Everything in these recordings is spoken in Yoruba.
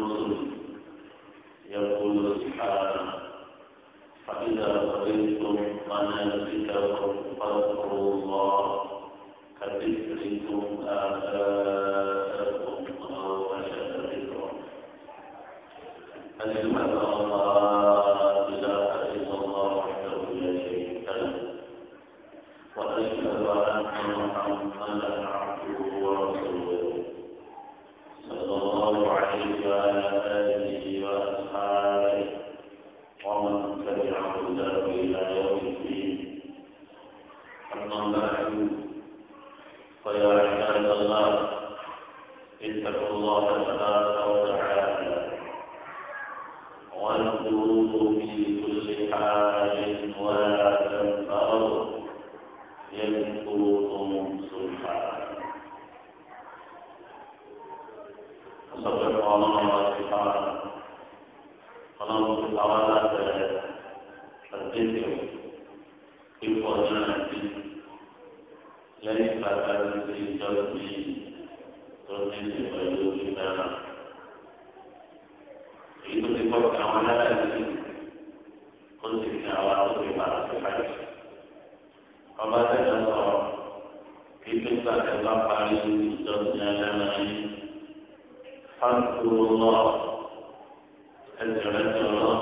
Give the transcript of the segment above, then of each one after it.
lóṣù إله إلا الله اتقوا الله تبارك وتعالى واذكروه في كل حال ولا تنفروا يذكركم سبحانه وصدق الله سبحانه اللهم تعالى الذكر في القرآن lẹ́yìn bàbá mi ti tọ́jú tó ní ìwà ìlú náà. èyí tó ti kọ́ ka àwọn aláàbí ó sì ní àwọn àtúntò ìbára sí báyìí. ọba tẹ̀lé sọ kí pípa tẹ̀ bá parí ìjọsìn aláàbí yìí. fásitì lọ ẹsẹ̀ rẹ̀ tẹ̀ lọ.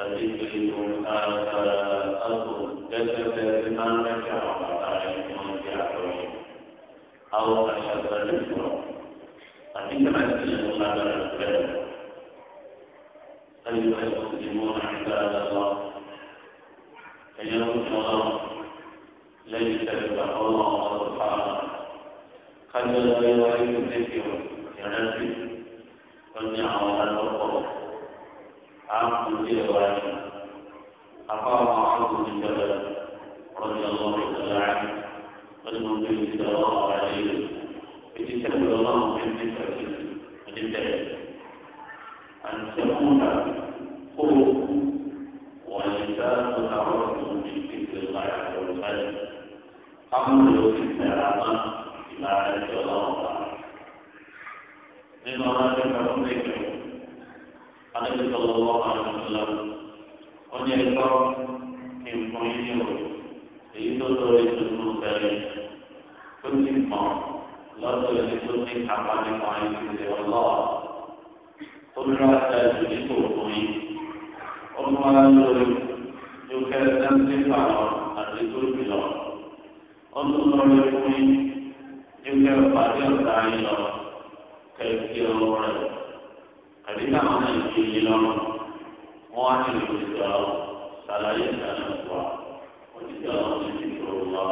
فذكركم آباءكم جسد بما نشأ عليكم جعفرين أو أشد نفرا فإنما الدين على الجنة أيها المسلمون عباد الله فيوم الله ليس يدعو الله سبحانه قد لا يعرف ذكره ينزل قد جعل الله عام من جهة أقام معاذ بن جبل رضي الله تعالى عنه والمنبي صلى الله عليه وسلم يتسبب الله من ذكر الانتهاء أن تكون قلوب ولسانها رجل من ذكر الله عز وجل أمر بالسلامة بما أنزل الله تعالى من مراتب فضلك adébí sọlọ lọ àwọn ọmọlá wọn ní ẹgbẹ́ kí n fún yín o èyí tó tó lè tó tó bẹ̀rẹ̀ tó ti mọ lọ́dọ̀ ẹni tó ní kápá nípa ẹni tẹ ọlọ tó ní wọn ṣe ẹsùn ní kò fún yín ó mú wọn lórí tó kẹ ẹsẹ̀ fà lọ àti tó bì lọ ó tún lórí fún yín tó kẹ pàdé ọ̀tá yín lọ kẹ kí rẹ̀. àbí káwọn náà ń fi yín lọ́rùn wọ́n á ní ìlú ìjọ sàlàyé ìdáná ìwà òjijì ọlọ́run ní ti tó wà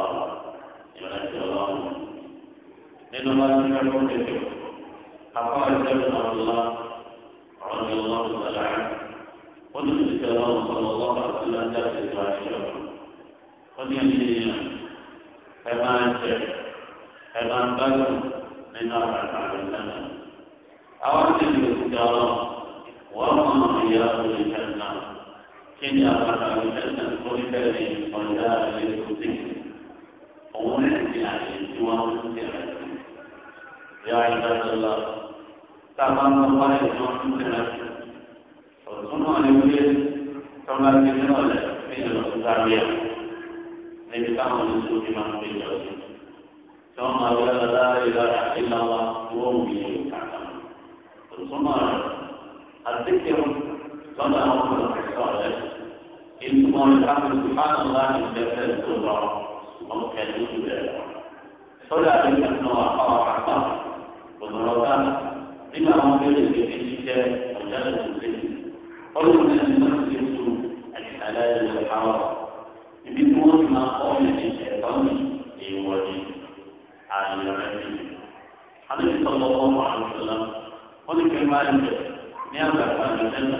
ìrántí ọlọ́run. nínú bá ti rẹ́ fún tètè àpá ìjọba ọlọ́lá ọ̀rọ̀ ni ọlọ́run sọ̀rọ̀ àyè wọ́n ti ti tẹ̀lé ọlọ́run sọ̀rọ̀ ọlọ́run àti lọ́jà ti tó àṣẹ ọ̀rọ̀ wọ́n ní ẹni yẹn ẹ máa ń jẹ ẹ máa ń bá lọ nínú àwọn àgbà àwọn tí mi ò dá ọ wọ́n mọ ìyá òye kẹta kí ni àbàtà òye kẹta tó ń bẹ̀rẹ̀ ọ̀dà àlẹ́ tó dé òun náà ti àyè tí wọ́n ń tẹ̀ ẹ̀ yá ìdájọ́ lọ táwọn ọmọ wáyé tí wọ́n ń tẹ̀ ẹ̀ ọ̀tún náà ni wíyé tọ́lá ti ní ọ̀lẹ́ ní ìlú sáríà níbi táwọn oníṣòwò ti máa ń gbé jọ sí. tí wọ́n máa wẹ́ ọ láyé lára ìlànà tó wọ́n wù yẹn kàn súnmọ́ rẹ̀ àdékèrò lọ́dọ̀ àwọn ọmọ ìsọ̀ rẹ̀ ìtumọ̀ ìdáhùn ìbáná láti ìdẹ́fẹ́ tó lọ ṣùgbọ́n kẹ́lí ojú rẹ̀ lọ. sọ́dọ̀ àdékèrò náà àpáwọ̀ àpá òdòdó nínú àwọn abẹ́rẹ́ ìgbésí jíjẹ ọ̀jáde ìgbésí ọlọ́run ẹni náà ti tu àyíkálẹ̀ ilẹ̀ àwọn ibi tí wọ́n ti máa kọ́ ọ̀nà ìṣẹ̀ lọ́nà èèwọ̀ ni àyè rẹ̀ ni. àdéhùn sọ̀rọ̀ ọmọ wọ́n ti fi máa ń bẹ̀ ní àgbàdo àlùjẹ́nà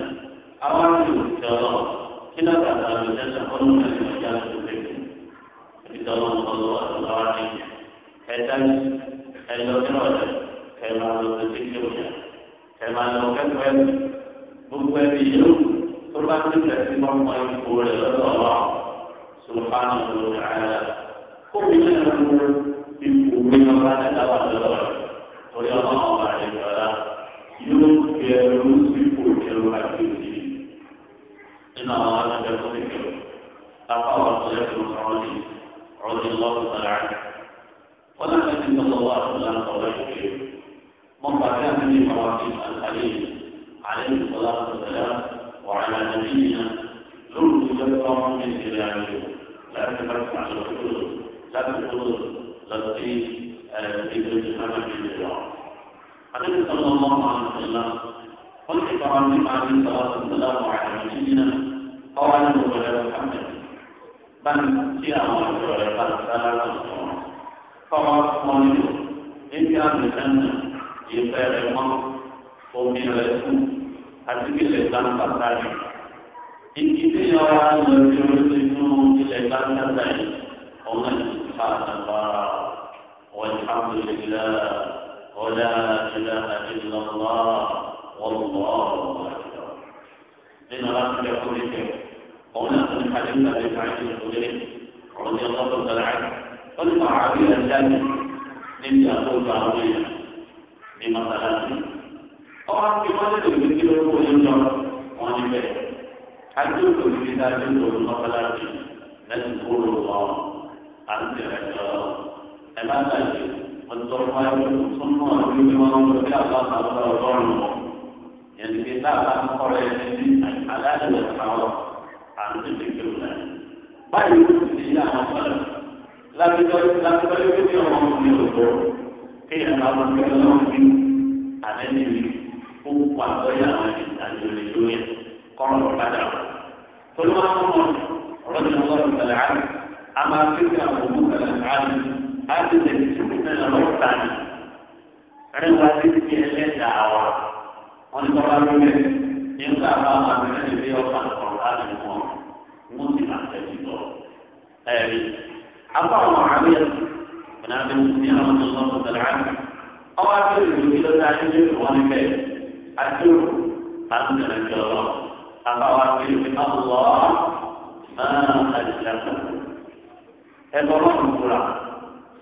àwọn àti òṣìṣẹ́ kí ní àgbàdo àlùjẹ́nà wọ́n ń bẹ̀rẹ̀ ìjà lóṣèlú ìjọ wọn kọ́ lọ́wọ́ àtúnlọ́wọ́ ní ẹ̀dá ẹ̀lọ́ nírọ̀lẹ́ ẹ̀lọ́ àlùjẹ́ tí kí ó yẹ ẹ̀lọ́ àlọ́ kẹ́kọ̀ọ́ ẹ̀ gbogbo ẹbí yìí tó bá ti bẹ̀rẹ̀ sí mọ́mọ́ ipò kó mi náà mú ipò nínú àwọn alága tó lè kí apá wà tó lè fún ọ̀rọ̀lì ọ̀rọ̀lì lọ́wọ́ sára wọn láti ti ń lọ́wọ́ àtúnlá ọ̀rọ̀ ìṣe wọn bá dé àmì ní ìwà àti àlàyé àlẹ́ ìṣọlá ọ̀sẹ̀lá وعلى نبينا لولا تلقى من خلاله لا تبقى على الحدود لا تقول لطيف ابن صلى الله عليه وسلم قلت فعن النبي عليه الصلاه والسلام على نبينا ọwọ́ nínú rẹ̀ Muhammed bá ń tí àwọn ọ̀dọ́ rẹ̀ bá ń sára lọ sùn kọ́mọ fún nílò níbi àbùsẹ́nù ìfẹ́ rẹ̀ mọ́ omi rẹ̀ fún àti ilẹ̀ gbàǹgbà sáré. ìdílé ọ̀rá ń lọ sí oríṣiríṣi ilẹ̀ gbàǹgbà sáré ọmọ ìfà àgbà والحمد لله ولا إله إلا الله والله أكبر. إن ربك كل شيء قول أبو الحليم بن سعيد بن جبير رضي الله تعالى عنه قل صحابي الجامع لم يقول تعويلا بمثلاته طبعا في قلة المثل هو ينجر واجبه هل يمكن في ذلك المثلات نذكر الله أنت رجاء ألا تجد والضرب يقول ثم يقول ما نرجع الله تعالى ظلمه يعني كتاب أخرى الحلال والحرام àrùn tó tẹ̀lé wọn náà. báyìí ó ti di àwọn ọ̀gbọ́n lábíkọ́ lábíkọ́ yóò fi ọmọ ọmọ mi lòpọ̀ kí ẹ̀ka ọmọ mi lọ́wọ́ mi àlẹ́ni mi ó pa àgbọ̀yà àwọn ìdájọ́ lè lóye kọ́rọ̀ lọ́padà. tó ló máa ń mọ̀ ọ̀rọ̀ ìlú ọ̀rọ̀ ìtàlẹ̀ àrùn a máa fi kí àwọn ọmọ ìtàlẹ̀ àrùn á ti tẹ̀lé tí ó fẹ́ lọ́wọ́ tani. rẹ̀ wá sí ti ẹlẹ́dàá wa wọ́n ti tọ́ wọ́n ti máa tẹ̀sí lọ. Ẹ̀rí apá àwọn àmì ẹ̀sìn àbí ní àwọn tó lọ́wọ́ tẹ̀lé àmì. Ọwọ́ àti ìlú kí ló dáa nínú ìlú wọn níbẹ̀. Àdúró àti ìrìnàjò ọ̀rọ̀. Apá àwọn àmì ẹ̀sìn náà lọ máa àdìsàkó. Ẹ̀kọ́ náà ń kura.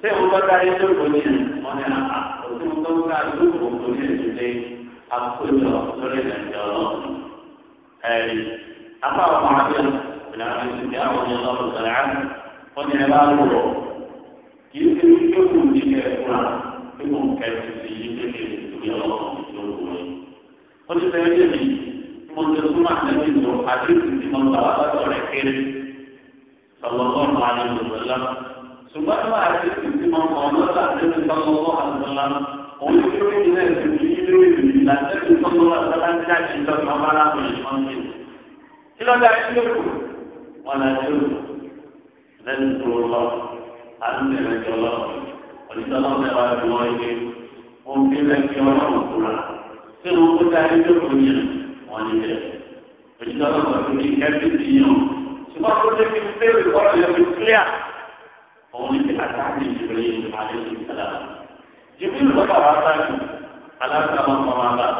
Ṣé o bá dáa nínú ìlú ní wọn ni àpá? Òṣèlú tó ń ká ìlú òkú ní ìdílé àkójọ lórí ìrìnàjò ọ̀rọ̀. Ẹ̀rí apá àwọn àmì ẹ̀sìn العام السبعة رضي الله تعالى عنه قد عباده كيف يمكن ذلك القرآن يكون كالسيد الذي الله يقول قد تجد منتصمع نبي حديث من طلبات الخير صلى الله عليه وسلم ثم ما حديث من طلبات النبي صلى الله عليه وسلم ويقول إلى النبي صلى الله عليه وسلم لا تجد الله تعالى في الإمام kí ló dá ẹni lóko ولا جنب نذكر الله أنت لك الله ولتنظر على بواجه ممكن لك ولو القرآن سنو كتاب الدنيا ولله ولتنظر في كتاب الدنيا سبحان الله في كتاب القرآن يبقى قولك أتعني جبريل عليه السلام جبريل بقى عطاك على كما قرأ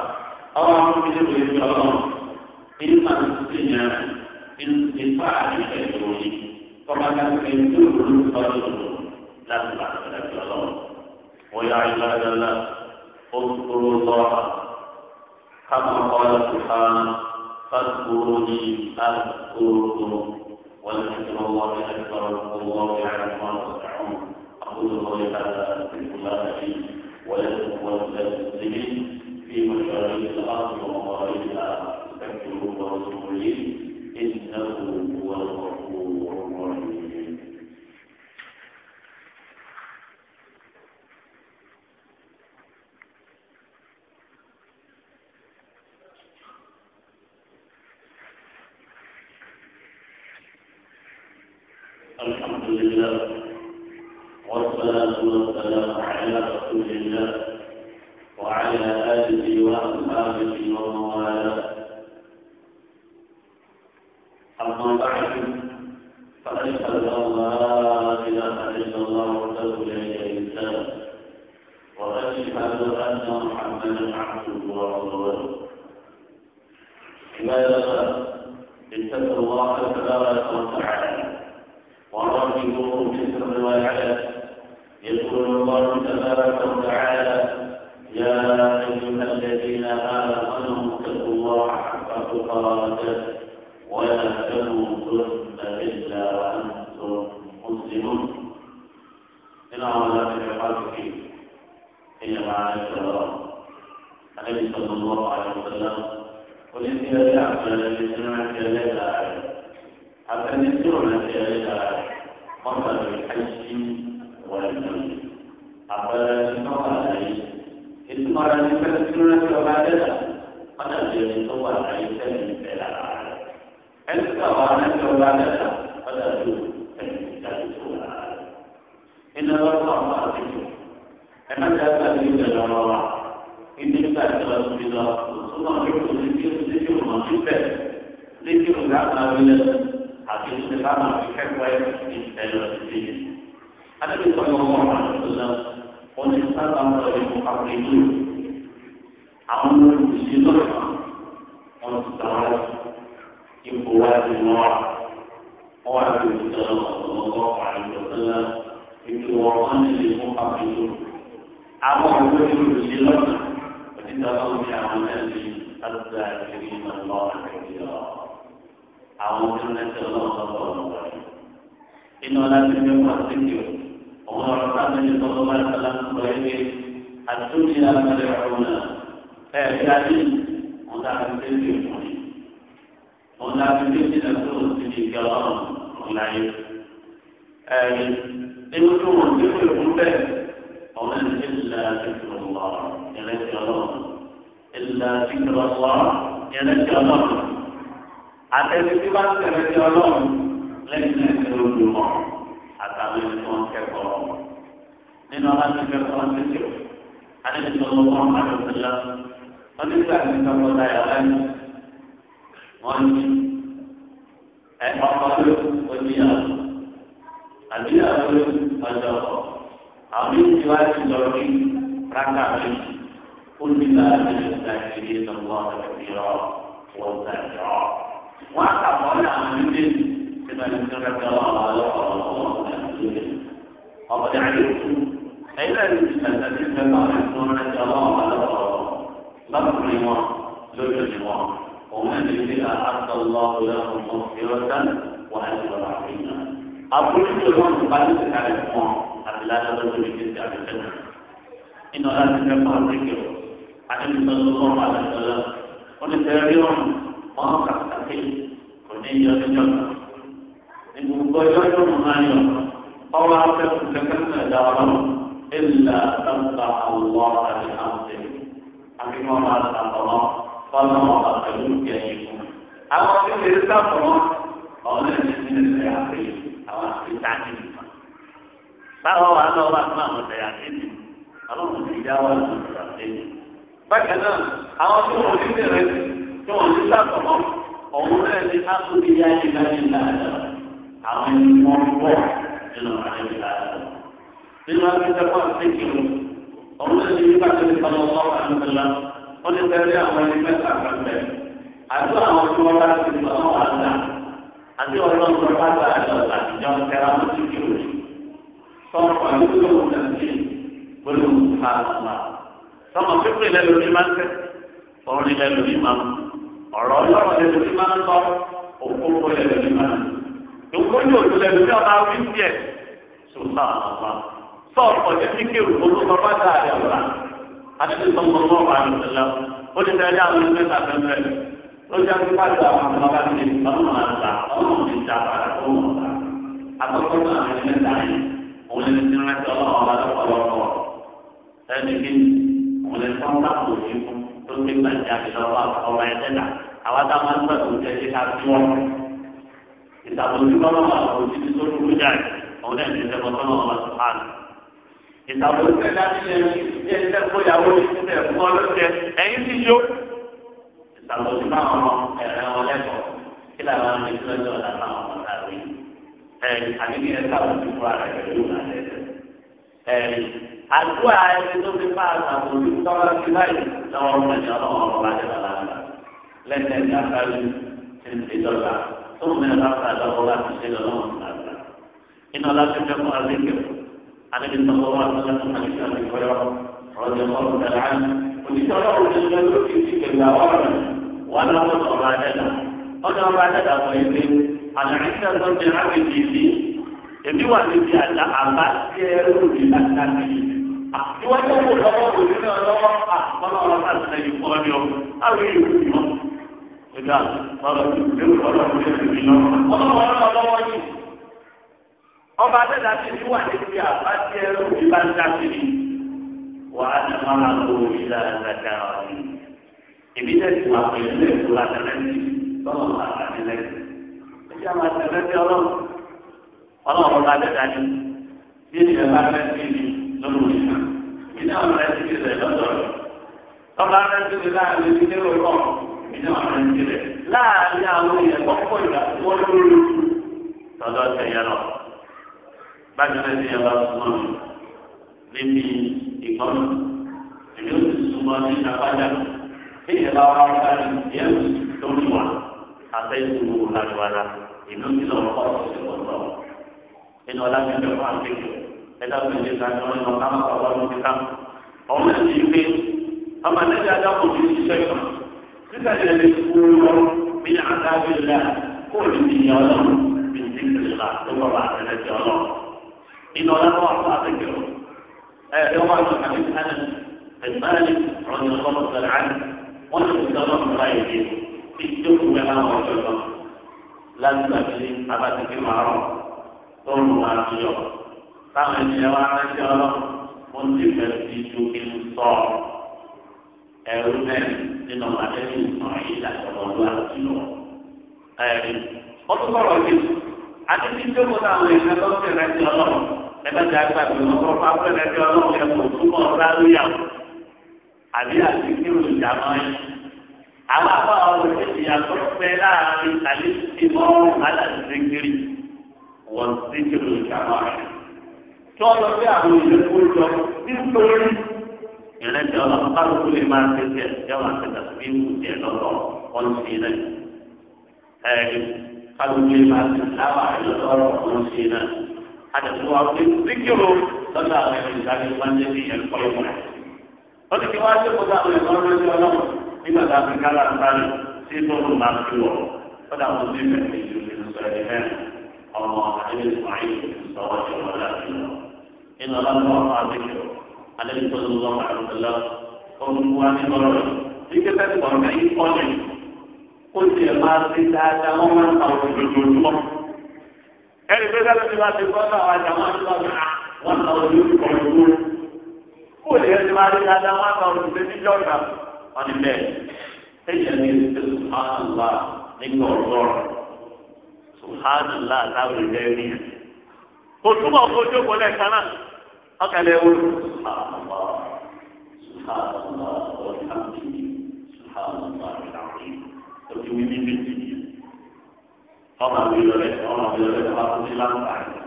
أو عمرو جبريل قال إن أنت انتفاع بالجنون فقد ينزل الفضل لا تبعث الله ويا عباد الله اذكروا الله كما قال سبحانه فاذكروني اذكركم ولذكر الله اكبر والله يعلم ما تصنعون اقول قولي هذا استغفر الله لي ولكم وللمسلمين في مشاريع الارض ومغاربها استغفروه ورسوله إنه هو الغفور الرحيم الحمد لله والصلاة والسلام على رسول الله والفقراء ولا تموتن إلا وأنتم مسلمون إن أولا في حقك هي معاشر النبي صلى الله عليه وسلم قل إني لا أعمل الذي سمعت لا أعلم حتى أن سمعت لا أعلم مثل الحج والميت أفلا تسمع عليه إذ قال لفتنة وبعد ذلك ọ̀nà ìbéèrè tó wà láyé sẹ́yìn ìfẹ́ lára rẹ̀. ẹni tí àwọn anájọ bá dàda ọ̀nà tó ẹni ìdájọ́ tó wà lára rẹ̀. iná lọ́kọ̀ àwọn àlejò ẹ má jẹ́ àgbàdo ìbẹ̀ lọ́wọ́ wa ibi nígbà tí wọ́n ti lọ òtún náà ní kò ní kí lójú mọ̀ síbẹ̀ lójú ìgbà máa wí lẹ́nu àti ìṣẹ̀ bá máa fi kẹ́kọ̀ọ́ ẹ̀ ìṣẹ̀ lọ sí i. adébíkọ̀ àwọn àlejò náà wọ́n ti sábà ń lọ ìmọ̀ àpèjú àwọn olùsí lọ́sàn wọn ti tàn án ipò wá sí wọn wọn wá sí ìjọ ọ̀gbọ̀gbọ̀ àìjọ ńlá ètò ọ̀rọ̀ ní ilé fún pàṣẹ àwọn olùsí lọ́sàn àti tàbí ní àwọn ẹ̀sìn àgbà ìrìn ìmọ̀lọ́ àgbẹ̀yọ àwọn onímọ̀lẹ́sẹ̀ ọlọ́ọ̀tọ̀ ọ̀rọ̀ inú ọ̀làjú mẹ́fà síkì ọ̀hún ọ̀rọ̀ sábẹ́ni tọ́lọ́mọ́ àtàlà ń sọ ẹgbẹ́ àtúnyẹ̀ àgbẹ̀rẹ̀ ọ̀hún náà. ẹ̀ẹ́dá ní ọ̀dà àgbẹ̀dẹ̀ ìwọ̀n ọ̀dà àgbẹ̀dẹ̀ ìjìnlẹ̀ tó ń ti di ìjọ ọ̀run ọ̀la yìí. ẹ̀ẹ́dì nínú tó wọ̀n tí kò ìwọ̀n bẹ́ẹ̀ ọ̀rẹ́ ní ìlà ìkìlọ̀ lọ ìrẹsì ọlọ́run ìlà ìkìlọ̀ lọ ìrẹsì ọlọ́run àtẹ̀sí tí bá ń tẹ̀lé ti ọlọ́run lẹ́yìn ẹ̀sìn olùmọ̀ àtàwọn ẹni tó ń kẹ́kọ̀ọ́ nínú aláṣẹ kẹ́kọ̀ọ́ ń tẹ̀sí àdébìtì wọ́n nígbà tí tọkọtaya wá ní wọ́n ní ẹ ọkọ ló oníyàwó àbíyàwó ló ọjọ́ àwọn méjì wá ti lọ rí rákà mi ó ní láti lè ta ìdílé lọ́wọ́ ìrọ̀ wọ́n ta ìrọ̀ wọ́n àtàwọn ní àwọn méjì tí wọ́n ti tọ́ka tí wọ́n wà lọ́wọ́ ọ̀hún ọ̀hún ọ̀hún ọ̀hún ẹ̀yìn lẹ́yìn ìgbà tí wọ́n ti tọ́ka tí wọ́n wà lọ́wọ́ ọ̀hún. lọ́kùnrin wọn lóbìnrin wọn òun náà ní bí àtọ́lọ́ ọlọ́run mọ́ ìrọ́tà wà á ti rọra fún yàn. àbúrò tó wọn kò bá tètè kalẹ̀ fún ọ àti ládàá lọ́dún ní tètè àti tẹ̀lé. iná láti fẹ́ fún àtẹ́kẹ̀ o àtẹ́kẹ̀ tó lọ́ wọn àti tẹ̀lé ó ní tẹ̀lé rí ọ̀run wọn kà kàkẹ́ kò ní yọ níjọ́ kan. ìgbùgbọ́ yọ yọ mọ̀ náà yọ ọwọ́ afẹ́kùn kẹ́kẹ́ torí wọn máa sàkọlọ fọlọ ọba pẹ̀lú ìjẹ ìfún. àwọn tí ó lè sàkọlọ ọ̀nà ìdílé rẹ̀ àpè àwọn àfitàní. báwo wà lọ wà fún àwọn ọ̀sẹ̀ àtẹ́ni ọlọ́run ti dá wà lọ sí àtẹ́ni. bákan náà àwọn tí wọn ò bẹ̀rẹ̀ tí wọn ò ní ọ̀hún náà ni a tún bí àwọn ẹni wọn pọ̀ nínú àyè láàdá ọmọ ẹni nígbà tó ti sọmọ ọmọ wa ní ọlá wọn ti tẹ̀lé àwọn ẹni mẹ́ta pẹ̀lẹ́ àti àwọn tí wọ́n bá ti sọ ọmọ àgbà àti ọlọ́run tó bá gbà àjọ àtijọ́ tẹ̀lá wọn ti kí òjò sọmọ pàlú gbólóhùn nàìjí gbólóhùn fàlùmà sọmọ pípé lẹ́nu ní máa ń tẹ ọrin lẹ́nu ní máa ń ọ̀rọ̀ ọlọ́rọ̀ lẹ́nu ní máa ń tọ́ òkúkú lẹ́nu ní máa ń tọ́ tó ọ̀pọ̀ ní síkìrù gbogbo bàbá dà rẹ̀ wà àti sọ̀mọ̀ mọ́ wà lọ́sọ̀lá ó ti tẹ̀lé àwọn ẹgbẹ́ tàbẹ́mẹ́ ó ti àti pàṣẹ àwọn bàbá ti ọmọ àgbà ọmọ mi ta padà tó mọ̀ ta àkọ́kọ́ náà ní mẹ́ta yìí òun lè ti rántí ọlọ́run ọba lọ́pọ̀lọpọ̀ ẹni kí òun lè tán bá kò sí fún tó gbé gbàjá mi lọ́wọ́ ọmọ ẹ̀dẹ́dà àwa tá a máa ń gbà tó jẹ́ ṣe ká tó wọn ìtàbùn tí wọ́n wà lọ́wọ́ títí ìtàwọn ìfẹ́ láti ṣe ní ẹsẹ̀ fóyàwó ìfúnpẹ fún ọlọsẹ ẹ̀yìn ti yó ìtàwọn ìfẹ́ ọmọ ẹrẹ wọn lẹ́kọ̀ọ́ kí làwọn ọmọ ìfẹ́ ọjọ́ ọ̀la máa wọn ọ̀la rí ẹ àbíkí ẹ káwọn ti fúra rẹ pẹ̀lú ìlànà ẹ àdúrà ẹni tó fi máa àtàwọn òbí tọ́lá sí báyìí lọ́wọ́ ọmọ ẹ̀yìn ọlọ́wọ́ ọmọ bá jẹ́ bàbá lẹ́sẹ̀ ní afárí ti ń tó mẹ́rin عن ابن صلى الله عليه وسلم عن ابي هريره رضي الله تعالى عنه وذكره للرجل في تلك الدوام وانا قد ارادته انا ارادته ويقول انا عند زوج عبدي لي èmi wà níbi àjà àbá tí ẹ rú mi láti láti yìí. ìwọ́n yóò wò lọ́wọ́ òní náà lọ́wọ́ àkọ́lọ́ ọlọ́pàá ti lẹ́yìn fún ọ ní ọ. àwọn èèyàn kò sí mọ́. ẹ̀dá ọ̀rọ̀ ìgbéwò ọlọ́run ló ti fi lọ́wọ́. ọlọ́run ọlọ́run lọ́wọ́ yìí ọba dẹ́dá ti ní wà níbi àbájẹ ẹrú ìbá ń dákìrì wà á ní máa ń lo ìlà ìlàjà ọ̀hún. èmi tẹ̀sí wà pẹ̀lú ẹ̀kú àtẹlẹ́sì lọ́wọ́ àtẹlẹ́sì. ẹjẹ́ àwọn àtẹlẹ́sì ọlọ́run ọlọ́run ọba dẹ́dá ni bí ènìyàn bá fẹ́ sí mi lọ́rùn mi náà. ìdí àwọn ọ̀rẹ́ ti rẹ̀ lọ́dọ̀ rẹ̀. ọba rẹ̀ ti rẹ̀ láàrin ilé ìrọ̀lọ́ ìdí àwọn ọ̀rẹ́ ti rẹ̀ láàrin àwọn èèyàn kọ́kọ́ ìgbà tó wọ́n lórí bájú náà ti yàrá súnmọ́ mi níbi ìgbọ́n èmi ó sì súnmọ́ ní ìdápadà bí ìyàrá wa bá ní ìyẹn tó ní wà àtẹ́sùn wò lágbára ìlú ti lọ́wọ́ kọ́ ọ̀sẹ̀ ọ̀tọ̀ inú ọlá mi bẹ̀rù àkékè ẹ̀dá mi lè ka jọ́ ẹ̀nà ká máa wà lóde ká ọmọ ẹ̀ ti ọmọ ẹ̀ ti kò ní ṣiṣẹ́ kan títà yẹn lè kú lọ bí àdá bí lẹ́yà kó o lè ti yàn ọ́ lọ́wọ́ bí ti kìlì la tó kọ́ bá àtẹ̀lẹ́tì ọlọ́wọ́. إن ولا الله أذكره يوم أن حديث أنس بن مالك رضي الله تعالى عنه وأنه سلام غيره في الجمع لها وجبه لن تجري أبدا كما رأى ثم أعطيه فمن يوانا جرى منذ الجيش الصار أرمان إن الله إسماعيل رضي الله عنه أرمان وتصور الجيش àti tí tó kó táwọn èèyàn lọ sí ìrẹsì ọlọ́run ẹgbẹ́ta àgbà tó ń kọ́ fún abúlé ìrẹsì ọlọ́run yẹn kò túmọ̀ ráríyà àbí àti kí o jà mọ́ ẹ. àwọn àbá ọ̀rọ̀ ìdí àtọ́ pẹ́ láàrin àlẹ́ ti mọ́ aláàtì ṣẹ́gírì wọ́n ti kí o jà mọ́ ẹ. tí wọ́n lọ sí àwọn ìlú kó jọ nítorí ìrẹsì ọlọ́run bá lóko kálukú máa ti sábà lọ́rọ̀ ọ̀hún sí náà. àdàtú wa fi síkírò lọ́dọ̀ àwọn ẹ̀rọ ìdájọ́ máa ń jẹ́ bí ìyẹn kọ́ lọ́wọ́. wọ́n ti fi wá sí kókó àwọn ẹ̀rọ ọ̀rọ̀ ẹ̀jọ́ náà nígbà tá a fi kára sáré sí tóun máa fi wọ̀ lọ́dọ̀ àwọn tó ń bẹ̀rẹ̀ ìlú ìlú sọ̀rọ̀ ẹ̀ ọmọ àdéhùn ìsmáyé sọ̀rọ̀ ó ti ẹ̀ máa ṣe dáadáa wọ́n máa ń ta òkè lójoojúmọ́. ẹnì pé sáré ti máa ti kọ́ náà wá jà wọ́n lọ sí ta òkè lójoojúmọ́. kó ẹ ti máa ṣe dáadáa wọ́n ta òkè lójoojúmọ́ ìgbà wọn ni bẹ́ẹ̀. ẹ̀yẹ ni subhanallah nígbà ọ̀gọ́rọ̀ subhanallah láwùjọ jẹ́ rí. kò túbọ̀ fojú kọlẹ̀ kan náà ọkàlẹ̀ wọ́n subhanallah ní bíbí ọmọ mi lọlẹ ọmọ mi lọlẹ ọmọ tó ti láǹfààní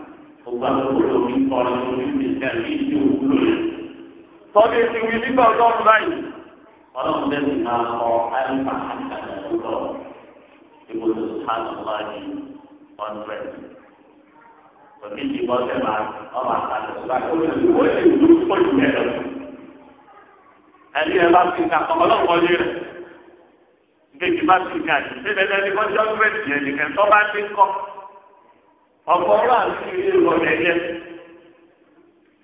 ọgbà tó kúrò mi kọrin tó ní bí ẹ̀rí ìdí òwúlò rẹ. tọ́jú ti wí nígbà ọlọ́run báyìí ọlọ́run lẹ́sìn máa kọ àyùbá àtàlẹ́ lọ ìbò tó sùpàdé wáyé ọ̀nrẹ́ òbí ti bọ́ sẹ́ máa ọmọ àtàlẹ́ sùpàdé ó lè lù ó lè lù ó lè lù ẹ̀rọ. ẹni ẹ bá fi kà ọlọ́run wọlé rẹ̀ bébí má fi ní àjò bébí ẹni kọjá gbẹ̀dì yẹn nìkan tó bá dé kọ́ ọ̀pọ̀ ọ̀rọ̀ àti ilé ìwọ̀lẹ̀ yẹn.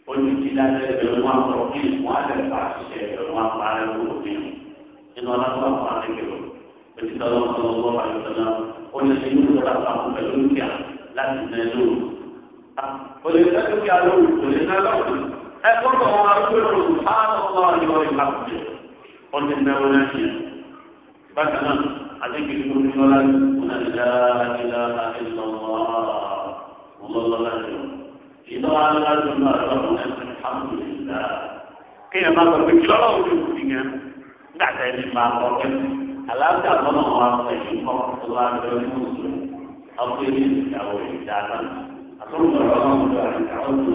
olùdílálẹ̀ ẹ̀rọ wọn kọ̀ kí ìwọ̀n alẹ́ bá ṣiṣẹ́ ẹ̀rọ wọn bá rẹ̀ wò ní inú ọlọ́pàá wọn alẹ́ kẹ̀rọ òtítọ́ ọlọ́pàá wọn bá yọ̀ sọ́nà ó lè ṣe inú ọlọ́pàá wọn pẹ̀lú dúkìá láti nà ẹ̀ lóru. olè ká dúkìá lóru olè ká lọ́wọ́ ẹ kọ́kọ́ wọn arúgbó lóru bákan náà àdéhùn ìlú ìlọlá ìlú ìlà ìlà ìlọ ọlọlọlá ìlú ìlọ alọlá ìlú àlọlọ alhamdulilá kéèyàn máa sọ pé kí lọ́wọ́ òun ìlú ti yẹn nígbà tẹ́ ẹni máa kọ́ kẹ́ àlàáfíà lọ́nà wọn àwọn ẹ̀yìn kọ́ ọlọ́ àgbẹ̀rẹ̀ fún òṣèlú ọkọ̀ èyí ìyàwó ìdáná àtúntò ọlọ́run ló àti àwọn tó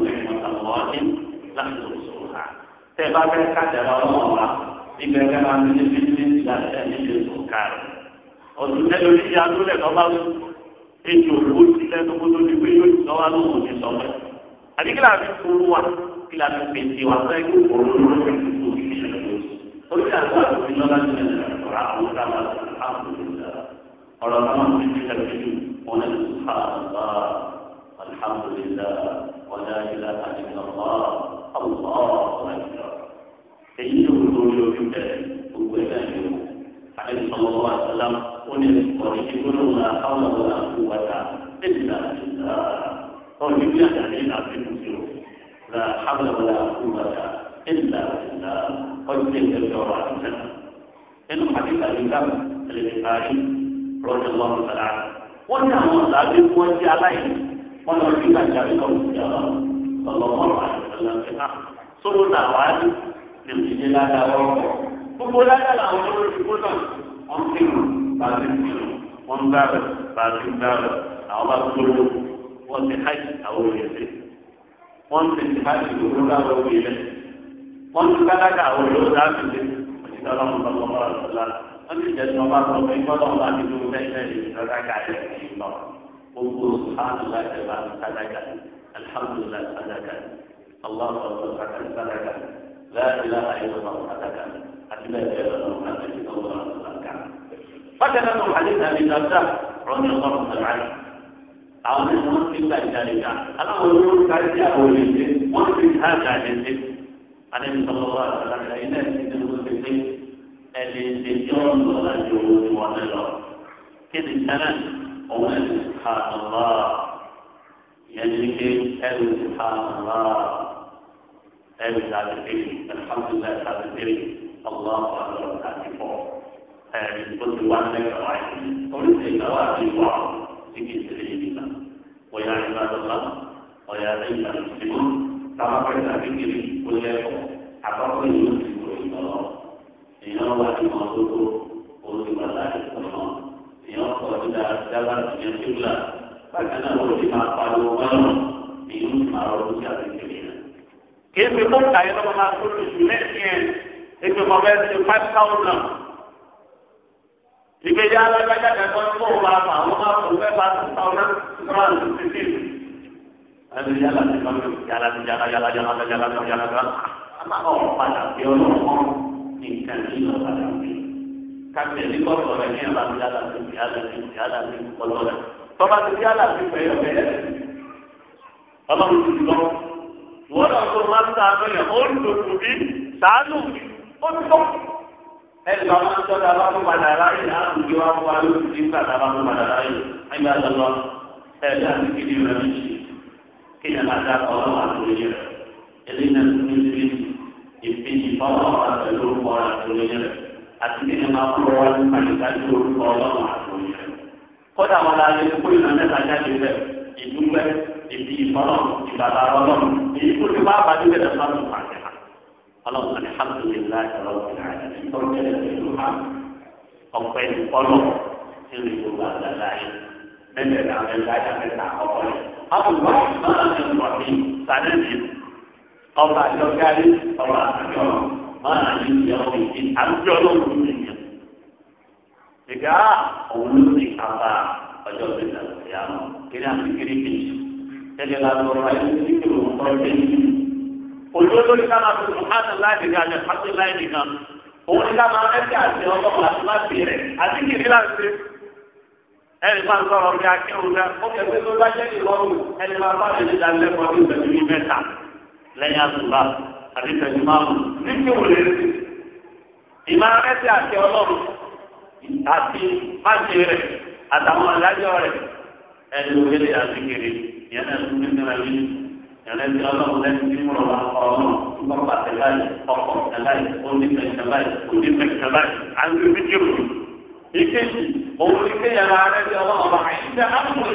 lè ibẹ̀ ká máa ń ní bíbí láti ẹ̀yìn ìṣòkà rẹ̀. ọ̀sùn tẹ́lẹ̀ oníṣẹ́ adúlẹ̀ tó bá wù ètò òwò ti lẹ́nu kó tó di pé yóò sọ wá lóhùn ní sọ́mọ́. àti kí láti fún wa kí láti pèsè wa fẹ́ kí òun ló ń tó kí ní ìṣòro. orí àgbà àti lọ́lá ti lẹ̀ lọ́ra àwọn dábà ọ̀rọ̀ náà ti ti tẹ̀lé ju wọn ní èyí ló ń lórí orí bẹ́ẹ̀ gbogbo ẹ̀ náà yóò àti sọ̀rọ̀ àtàlám ó ní ọ̀rọ̀ ìdí gbólóhùn náà káwọn ọ̀rọ̀ náà kú wáta ẹ̀sìn náà ti sá ọ̀rọ̀ ìdí àtàlẹ́ àti ìbùsùn náà káwọn ọ̀rọ̀ náà kú wáta ẹ̀sìn náà ti sá ọ̀rọ̀ ìdí ẹ̀sìn ọ̀rọ̀ àtàlẹ́ ẹnu àdìgbà nígbà ẹlẹ́dẹ̀kárí rọ́ọ̀dì ọlọ́run sàlá wọ́n ní àti ọlọ́run sọ́wọ́n náà wáyé lè fi ṣe ládàá ọ̀pọ̀. Gbogbo ládàá làwọn olórí ìgbó náà wọ́n ń kírun bàbí ń kírun wọ́n ń gbàrẹ̀ bàbí ń gbàrẹ̀ àwọn bá gbóló wọ́n ti hajj àwọn òye sí. Wọ́n ti ti hajj gbogbo láwọn òye lẹ̀. Wọ́n ti kálákà àwọn olórí láti lé òṣìṣẹ́ ọlọ́run lọ́wọ́ ọ̀rọ̀ wọ́n ti jẹ́ sọ́ba sọ pé gbọ́dọ̀ wà ní gbogbo mẹ́tẹ́ ìdọ́dáka rẹ̀ ẹ̀yìn lọ. gbogbo alhamdulilayi ṣe bá sadaka alhamdulilayi sadaka allah ṣe bá sadaka. لا إله إلا الله وحدك حتى لا إله إلا الله وحدك فكذا حديث أبي درداء رضي الله تعالى عنه أو نحن إلا ذلك الأمر يقول كأي أقول مسلم هذا الجنس النبي صلى الله عليه وسلم لا إله إلا الله الانتشار ولا الجهود ولا الأرض كده السنة ومن سبحان الله يعني كيف سبحان الله ẹ̀rù ìdájọ́ ìbéèrè alhamdulilayi ìdájọ́ ìbéèrè ọlọ́wọ́ àgbọ̀rọ̀ ìdájọ́ ìbọ̀ ẹ̀rù tó ti wá lẹ́gbẹ̀ẹ́ wáyé oríṣi ìgbàwá àti ìwà tí kì í ṣe ìdí náà wọ́yà ìgbàdọ̀lá wọ́yà ìgbàdọ̀síbó táwọn akẹ́kọ̀ọ́ kékeré ó lẹ́kọ̀ọ́ àkọ́kọ́ ìlú ti kúrò ìgbàlọ́ èèyàn wà ní wọn lóko olùgbà láti sọ̀rọ̀ èèyàn kọ̀ nígbà dábàá ìyẹn tó gbà bákan náà wọ́n ti máa pariwo mọ́lọ́ èèyàn ti máa rọ́ lókè àti kékeré kìí fi kó kàyé lọ́wọ́ máa tó lóṣù lẹ́sìn ẹ̀ ebi kọ́ bẹ́ẹ̀ ti five thousand. ìgbéjà alágbájá kẹ́kọ́ tó wà fà wọ́n máa fò fẹ́ bá two thousand two hundred and fifteen. ẹni yàrá ti kọ́ yàrá ti yàrá yàrá yàrá yàrá yàrá yàrá. a máa ọ̀ padà bí ọlọ́mọ nìkan ní ìlú padà bí. kábíyè ní kọ́ sọ̀rọ̀ ní ẹ̀rọ àti yàrá ti yàrá ti yàrá ti kọ́ lọ́rẹ̀. tọ́ba ti yàrá ti fẹ́ yọ̀ ìwọ náà tó máa ń ta àtọ́yà ó ń lò kù bí sàánù ó ń tọ́. ẹnì bá wọn tọ́jú abáfúnpadà láyé àrùnjọ àwọn alóòtú nígbà tá a bá fún padà láyé ayé àtọ́lọ́ ẹ̀ẹ́dá ti fi ní ìrẹ̀lẹ̀ ṣe kéèyàn máa dá ọlọ́run àtòlẹ́yẹ rẹ̀ eléyìí náà tún ní sí ìpínyì fọwọ́ àtẹ̀lé orúkọ àtòlẹ́yẹ rẹ̀ àti kéèyàn máa kúrò wá nípa ìdájọ́ orúkọ ọlọ́run àtòlẹ́yẹ rẹ̀ kọ́dà wọn la lè kó ìlànà mẹ́ta jáde bẹ́ẹ̀ ìdúpẹ́ ìdí ìfọ́nà ìbàdà ọlọ́ èyí tó ti bá bàdí bẹ̀rẹ̀ sọ́nù pàṣẹ ọlọ́run alihamudulilayi ọlọ́run ìtọ́jẹ́lẹ̀ pẹ̀lú ha ọ̀pẹ ìfọ́nà ìlú gbogbo àgbàlá yìí bẹ́ẹ̀ ni àwọn ẹ̀ka ẹ̀ka ẹ̀ka ọ̀pọ̀ yìí. àbùkù máa ń pọ̀ ní sàdẹ́sì ọba àjọkárí ọba àjọ máa ń yí ìyá ọmọ ìdí àmọ́ kiri àti kiri kejì ẹgbẹ́ la sọ̀rọ̀ ayé kiri kiri wọn kọ́ ọ́dẹ. Òjò lórí ká máa tuntun hánà láti rí àjẹ pàṣẹ láì nìkan. Òun ni ká máa ẹgbẹ́ àti ọkọ̀ láti láti rẹ̀ àti kiri láti. Ẹni máa ń sọ̀rọ̀ bí akẹ́wò rẹ̀ ó kẹ́kẹ́ tó bá jẹ́ ìlọrun ẹni máa bá lè dá lẹ́kọ̀ọ́ ní ìgbẹ̀jú ní mẹ́ta lẹ́yìn àtúbà àti ìgbẹ̀jú márùn-ún. àti ọlọ́run rẹ̀ àtàwọn alájọ rẹ̀ ẹni tó kéde àtikiri yẹn náà tún nínú ẹbí yẹn náà ti ọlọ́run lẹ́nu tí mo rọ̀ wá ọ̀rọ̀ nígbà pàtẹ báyìí ọkọ̀ tẹ̀láyì onífẹ̀kẹ̀ báyìí onífẹ̀kẹ̀ báyìí àti bíkìrì. ìkejì òun ní kéèyàn máa rẹ́ bí ọlọ́run bá àyíṣẹ́ àmúlò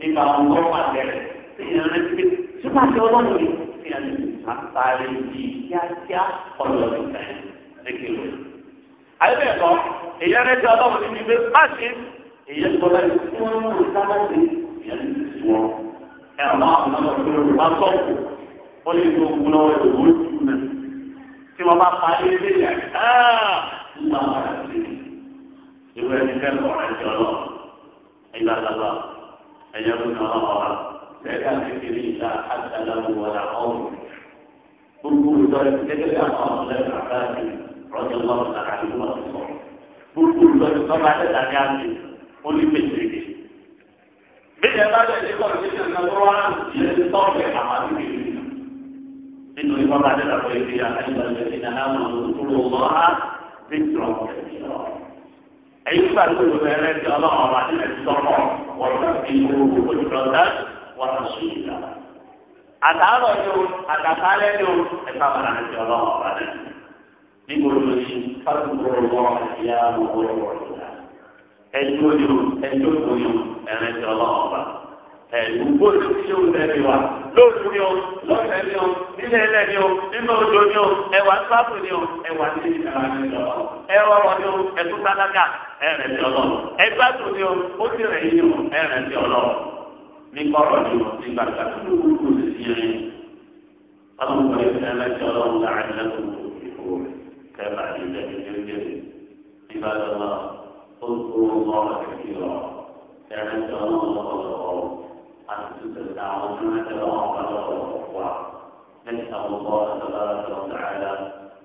nígbà wọn kọ́ pàtẹ rẹ̀ kéèyàn rẹ́ bí sípà tí ọlọ́run rí kéèyàn ní àtàrí di kíákíá ọlọ́run tẹ̀ ẹ́ kéèyàn. àyẹ̀bẹ̀ kọ́ èyí èyàn tó bá tí wọ́n mú ìsáná sí èyàn ti sùn wọn. ẹ àwọn àwọn ọmọ tó lọ wá sọ́ọ̀kù ó lè lo ògùn lọ́wọ́ ìwò ìtù náà tí wọ́n bá parí ilé yà á nígbà wọn rà sí i. ìwé ẹni fẹ́ lọ rẹ̀ jọ lọ ẹ̀yà lọ́wọ́ ẹ̀yà tó ní ọlọ́wọ́ wa lẹ́yìn àti kiri ìta àtàlàwò wọlé ọ̀hún. gbogbo ìtọ́jú gẹ́gẹ́ bí àwọn ọmọ lẹ́yìn àbáyé rọ́jò lọ́wọ́ ó ní pèsèké. Bíjẹ̀ bá lè ṣe kọ́ ìdíje ní ọdún ìyẹn ti tọ́ ọ̀fẹ́ àwọn àdúgbò yìí. Nínú ìwà bá dé lọ́pọ̀ ìdí àtàlẹ́ ìdíje náà mọ̀ lókùrò lọ́ha ní ìtàn ẹ̀yin nígbà tó lò bẹ́ẹ̀ rẹ̀ ti ọlọ́run ọba ti lẹ̀ sọ́nà wọ́n lọ sí gbogbo olùdókòtà wọ́n lọ sí ìlà. àtàárọ̀ ni o àtàkálẹ̀ ni o ẹ̀ka bàrà ti ọlọ́run ọba rẹ̀. nígbà tó lò sí fásitì gbogbo ọ̀rọ̀ ìyá gbogbo ọ̀rọ̀ ẹjọ́jú ẹjọ́jú ẹ̀rẹ́ ti ọlọ́run ọba ẹ̀lú bóyá tí ó lẹ́bi wa lóòtú ni ó lọ́sẹ̀ ni ó nílẹ̀ ẹlẹ́ ni ó nínú odò ni ó ẹwà sábò ni ó ẹwà ní ìdára ni ó ẹwà wọn ni ó ẹtú tálákà ẹ̀rẹ́ ti ọlọ́run ẹgbàdo ni ó ó ti rẹ̀ yín ó ẹ̀rẹ́ ti ọlọ́run ní kọ́rọ̀ ni ó ní gbàgbà tó ló kú kó sì yẹn ọlọ́run kò ní ẹ̀rẹ́ ti ọlọ́run láàrin lẹ́kọ̀ọ́ kẹ́ẹ̀bà ní ìdẹ́gbẹ́jẹ́ اذكروا الله كثيرا كانت الله حتى تستعملون الله نسأل الله تبارك وتعالى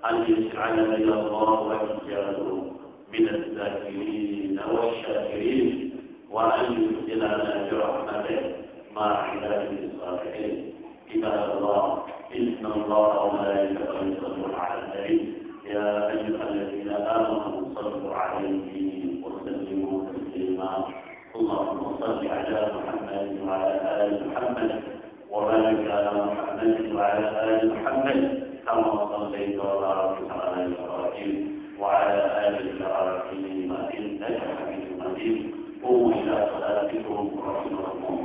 أن يجعلنا الله وكتابه من الذاكرين والشاكرين وأن يرسلنا برحمته مع عباده الصالحين عباد الله إن الله وملائكته يصلون على النبي يا أيها الذين آمنوا صلوا عليه صل على محمد وعلى آل محمد وبارك على محمد وعلى آل محمد كما صليت وباركت على إبراهيم وعلى آل إبراهيم إنك حميد مجيد قوموا إلى صلاتكم رحمكم